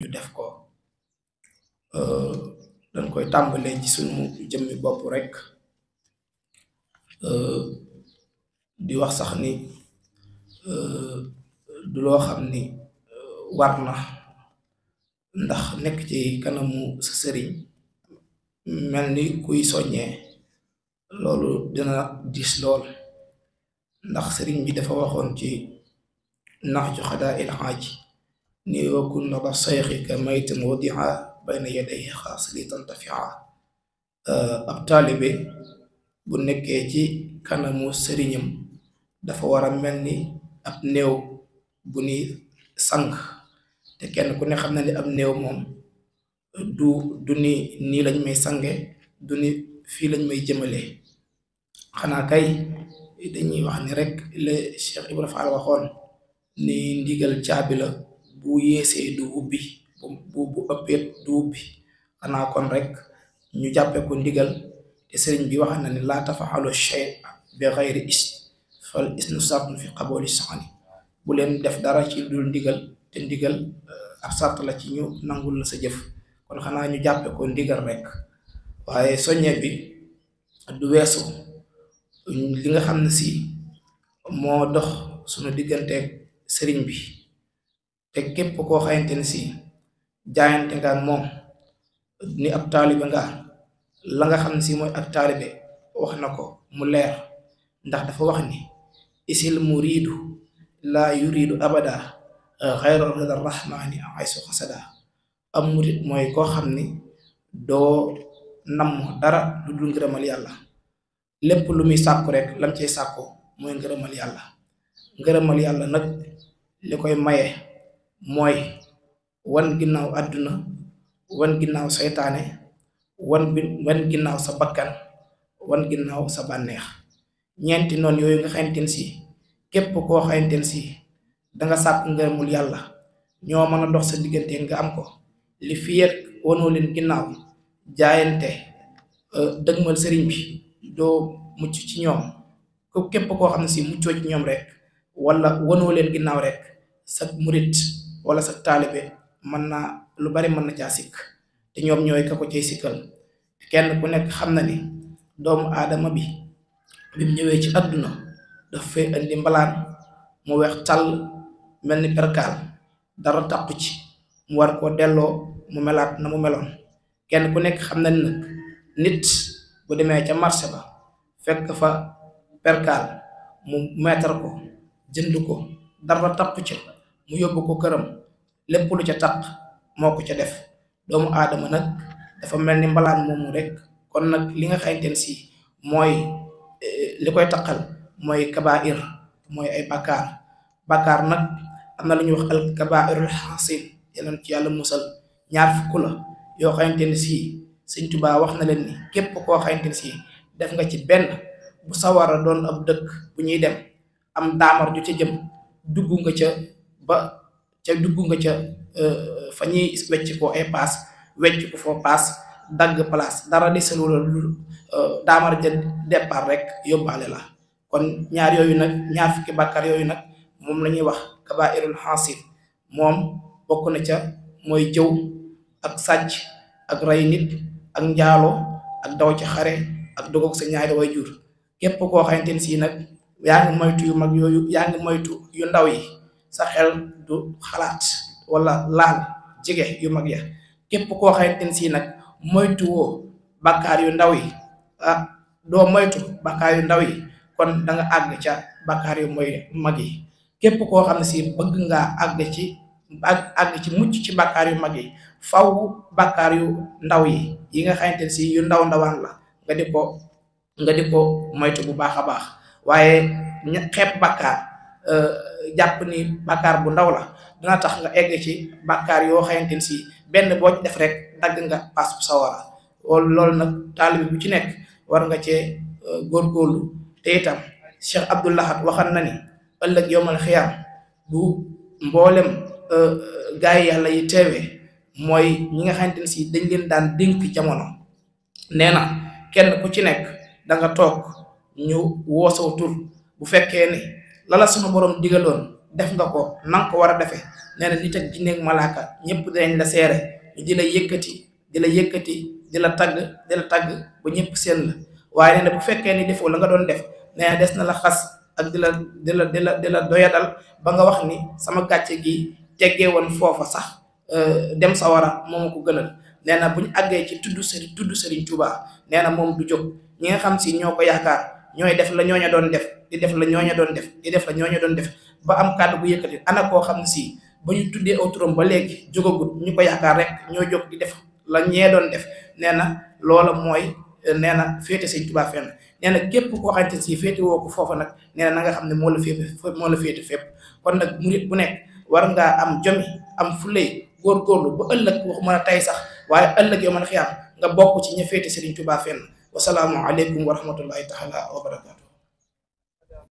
ñu def ko euh dañ koy tàmbalee ci mu jëmmi bopp rek euh di wax sax ni euh du loo xam ni eh, war na ndax nekk ci kanamu sa sëriñ mel ni kuy soññee loolu dina dis lool ndax sëriñ bi dafa waxoon ci nax ju xadaa il ni wa kunna la sayxika maytan wadia bayna yadayhi xaasilitan tafia ab taalibe bu nekkee ci kanamu sëriñam dafa war a mel ni ab néew bu ni sànq te kenn ku ne xam na ni ab néew moom du du ni nii lañ may sange du ni fii lañ may jëmale xanaa kay dañuy wax ni rek le Cheikh Ibrahima Fall waxoon ni ndigal caabi bu yéesee du ubbi bu bu ëppee du ubbi xanaa kon rek ñu jàppee ko ndigal te sëriñ bi wax na ni laa tafaxalu shay bi xayri is fal isnu sartun fi xabooli saxani bu leen def dara ci dul ndigal te ndigal eh, ab sart la ci ñu nangu sa jëf kon xanaa ñu jàppee ko ndigal rek waaye soññe bi du weesu li nga xam ne si moo dox sunu digganteeg sëriñ bi te képp koo xayante ne si jaayante nga ak moom ni ab taalibe nga la nga xam si mooy ab taalibe wax na ko mu leer ndax dafa wax ni isil muridu la yuridu abada xayra rida rahmani aysu xasada am murid mooy koo xam ni doo nam dara lu dul ngërëmal yàlla lépp lu muy sàkku rek lam cay sàkku mooy ngërëmal yàlla ngërëmal yàlla nag li maye moy wan ginnaw aduna wan ginnaw seytaane wan wan ginnaw sa bakkan wan ginnaw sa banex ñenti non yoy nga xayanteen si kep ko xayanteen si danga nga ngërëmul ngeumul yalla ño mëna dox sa digënté nga am ko li yek wono leen ginnaw jaayante euh, deggmal sëriñ bi do mucc ci ñoom ko kep ko xam si ci ñoom rek wala wono leen ginnaw rek sa murit wala sa taalibe mën naa lu bari mën na caa sikk te ñoom ñooy ka ko cay sikkal kenn ku nekk xam na ni doomu aadama bi bi mu ñëwee ci adduna daf fee indi mbalaan mu weex tàll mel ni perkaal dara takku ci mu war koo delloo mu melaat na mu meloon kenn ku nekk xam na ni nag nit bu demee ca marché ba fekk fa perkaal mu meetar ko jënd ko dara tàqu ci mu yóbbu ko këram lépp lu ca taq moo ko ca def doomu aadama nag dafa mel ni mbalaan moomu rek kon nag li nga xamante ne si mooy eh, li koy taqal mooy kabair mooy ay bakkaar bakkaar nag am na lu ñuy wax al ci yàlla musal ñaar fukk la yoo xamante ne si sëñ Tuubaa wax na leen ni képp ko xamante ne si def nga ci benn bu sawara doon ab dëkk bu ñuy dem am daamar ju ca jëm dugg nga ca ba ca dugg nga ca euh, fa ñuy wecc ko ay wecc ko foo paas dagg place dara desalu lu lu euh, daamar ja départ rek yóbbaale la kon ñaar yooyu nag ñaar fukki bàkkaar yooyu nag moom la ñuy wax kabairul xaasir moom bokk na ca mooy jëw ak sàcc ak rey nit ak njaalo ak daw ci xare ak dogoog sa ñaari way képp koo xamante nag yaa ngi moytu yu mag yooyu yaa ngi moytu yu ndaw yi sa xel du xalaat wala laal jege yu mag ya képp koo xamante ne sii nag moytuwoo bakkaar yu ndaw yi ah, doo moytu bakkaar yu ndaw yi kon danga nga ca bakkaar yu moy mag yi képp koo xam ne si bëgg ngaa àgg ci àgg ci mucc ci bakkaar yu mag yi faw bakkaar yu ndaw yi yi nga xamante ne si yu ndaw ndawaan la nga di nga di ko moytu bu baax a baax waaye xeeb bakkaar Euh, jàpp ni bàkkaar bu ndaw la dina tax nga egg ci bàkkaar yoo xamante ni si benn boo ci def rek dagg nga paas bu sawara loolu loolu nag taalibi bu ci nekk war nga cee euh, góorgóorlu te itam Cheikh Abdou Lahad waxan na ni ëllëg yowmal xiyaam bu mboolem euh, gaay yàlla yi teewee mooy ñi nga xamante ni si dañ leen daan dénk jamono nee na kenn ku ci nekk da nga toog ñu woosaw tur bu fekkee ni lala sunu borom digaloon def nga ko na ko war a defee nee na nit ak jinne malaaka ñëpp dinañ la seere ñu di la yëkkati di la yëkkati di la tagg di la tagg ba ñëpp seen la waaye nee bu fekkee ni defoo la nga doon def nee des na la xas ak di la di la di la doyadal ba nga wax ni sama gàcce gi teggee woon foofa sax euh, dem sawara moom ma ko gënal nee na bu ñu àggee ci tudd sëriñ tudd sëriñ Tuubaa nee na moom du jóg ñi nga xam si ñoo ko yaakaar ñooy def la ñooña doon def di def la ñooña doon def di def la ñooña doon def ba am kàddu bu yëkkati ana koo xam ne sii ba ñu tuddee autorom ba léegi jógagut ñu ko yaakaar rek ñoo jóg di def la ñee doon def nee na loola mooy nee na féete sëñ Tuubaa fenn nee na képp koo xamante si féete woo ko foofa nag nee na nga xam ne moo la féete moo la fépp kon nag murit bu nekk war ngaa am jomi am fulay góorgóorlu ba ëllëg waxuma a tey sax waaye ëllëg yoo mën a fi am nga bokk ci ña féete sëriñ Tuubaa fenn والسلام عليكم ورحمه الله تعالى وبركاته